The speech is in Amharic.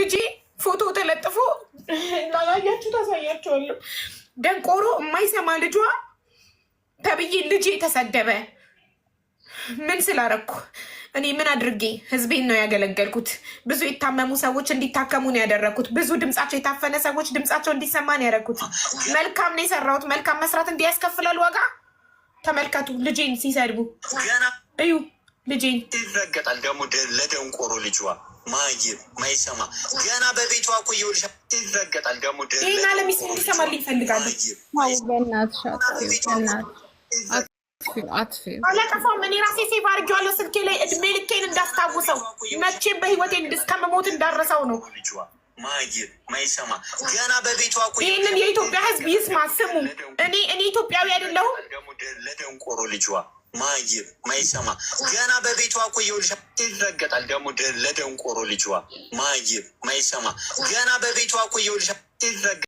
ልጄ ፎቶ ተለጥፎ እንዳላያችሁ ታሳያቸዋለሁ። ደንቆሮ የማይሰማ ልጇ ተብዬ ልጅ ተሰደበ። ምን ስላረኩ? እኔ ምን አድርጌ? ህዝቤን ነው ያገለገልኩት። ብዙ የታመሙ ሰዎች እንዲታከሙ ነው ያደረግኩት። ብዙ ድምጻቸው የታፈነ ሰዎች ድምጻቸው እንዲሰማ ነው ያደረግኩት። መልካም ነው የሰራሁት። መልካም መስራት እንዲያስከፍላል ዋጋ። ተመልከቱ ልጄን ሲሰድቡ እዩ። ልጅ ይረገጣል ደግሞ ለደንቆሮ ልጅዋ ማይ ማይሰማ ገና በቤቷ እኮ ይኸውልሽ ይረገጣል ደግሞ ይህና ለሚስ እንዲሰማል ይፈልጋሉ። አላጠፋውም። እኔ ራሴ ሴ አድርጌዋለሁ ስልኬ ላይ እድሜ ልኬን እንዳስታውሰው መቼም በህይወቴ እስከምሞት እንዳረሰው ነው። ይህንን የኢትዮጵያ ህዝብ ይስማ ስሙ። እኔ እኔ ኢትዮጵያዊ አይደለሁም። ለደንቆሮ ልጅዋ ማይም ማይሰማ ገና በቤቷ እኮ የውልሻ ይረገጣል። ደግሞ ለደንቆሮ ልጅዋ ማይም ማይሰማ ገና በቤቷ እኮ የውልሻ ይረገጣል።